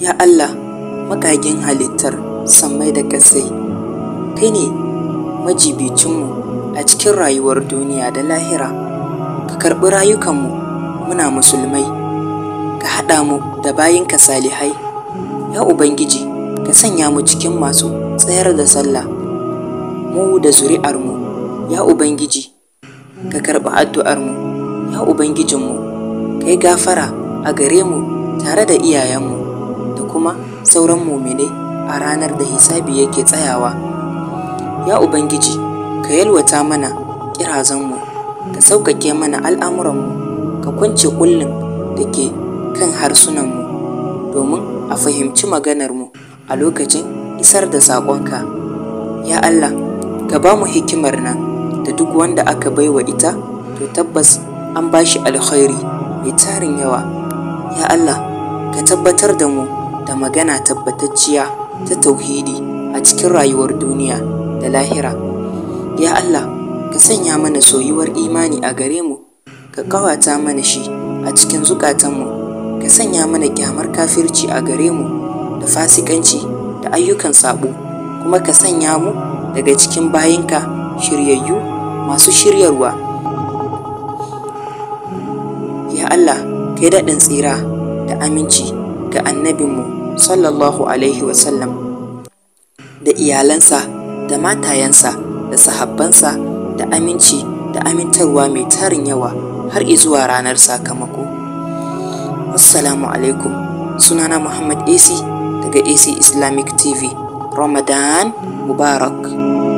ya Allah magagin halittar sammai da ƙasai kai ne majibicinmu a cikin rayuwar duniya da lahira ka karɓi rayukanmu muna musulmai ka haɗa mu da bayinka salihai ya ubangiji ka sanya mu cikin masu tsayar da sallah mu da zuri'armu ya ubangiji ka karɓi addu'armu ya ubangijinmu ka yi gafara a gare mu tare da iyayenmu kuma sauran muminai a ranar da hisabi yake tsayawa ya ubangiji ka yalwata mana kirazanmu ka sauƙaƙe mana al'amuranmu ka kwance kullum da ke kan harsunanmu domin a fahimci maganarmu a lokacin isar da saƙonka ya allah ka ba mu hikimar nan da duk wanda aka bai wa ita to tabbas an ba shi alkhairi mai tarin yawa ya allah ka tabbatar da mu da magana tabbatacciya ta tauhidi a cikin rayuwar duniya da lahira ya Allah ka sanya mana soyuwar imani a gare mu ka kawata mana shi a cikin zukatanmu ka sanya mana kyamar kafirci a gare mu da fasikanci da ayyukan sabo kuma ka sanya mu daga cikin bayinka shiryayyu masu shiryarwa ya Allah kai daɗin tsira da aminci ga annabinmu sallallahu alaihi wasallam da iyalansa da matayensa da sahabbansa da aminci da amintarwa mai tarin yawa har zuwa ranar sakamako assalamu alaikum sunana muhammad ac daga ac islamic tv ramadan mubarak